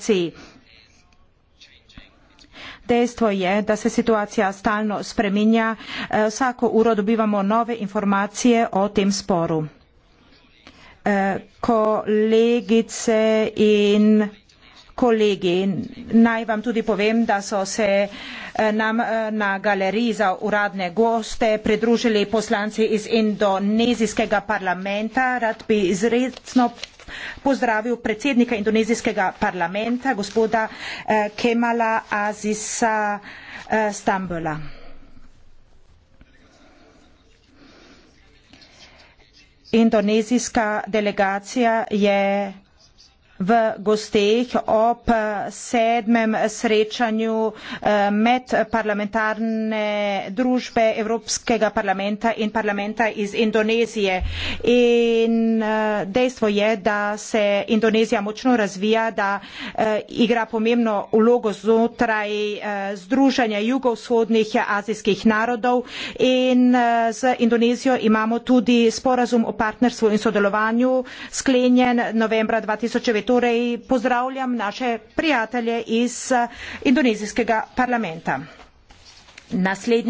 situaciji. Dejstvo je, da se situacija stalno spreminja, eh, vsako uro dobivamo nove informacije o tem sporu. Eh, kolegice in kolegi, naj vam tudi povem, da so se eh, nam na galeriji za uradne goste pridružili poslanci iz indonezijskega parlamenta. Rad bi izredno pozdravil predsednika indonezijskega parlamenta, gospoda eh, Kemala Azisa eh, Stambola. Indonezijska delegacija je v gosteh ob sedmem srečanju eh, medparlamentarne družbe Evropskega parlamenta in parlamenta iz Indonezije. In eh, dejstvo je, da se Indonezija močno razvija, da eh, igra pomembno vlogo znotraj združanja jugovzhodnih azijskih narodov in z Indonezijo imamo tudi sporazum o partnerstvu in sodelovanju sklenjen novembra 2019 torej pozdravljam naše prijatelje iz eh, indonezijskega parlamenta. Naslednji